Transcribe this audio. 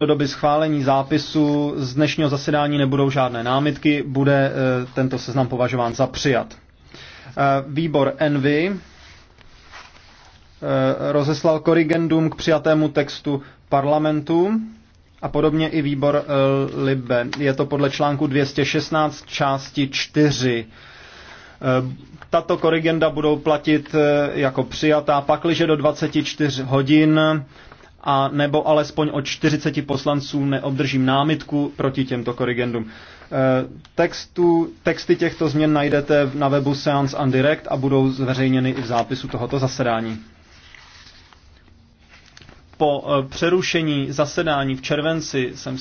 do doby schválení zápisu z dnešního zasedání nebudou žádné námitky, bude eh, tento seznam považován za přijat. Eh, výbor Envy eh, rozeslal korigendum k přijatému textu parlamentu a podobně i výbor Libe. Je to podle článku 216 části 4. Tato korigenda budou platit jako přijatá, pakliže do 24 hodin a nebo alespoň od 40 poslanců neobdržím námitku proti těmto korrigendům. E, textu, texty těchto změn najdete na webu Seance and Direct a budou zveřejněny i v zápisu tohoto zasedání. Po e, přerušení zasedání v červenci jsem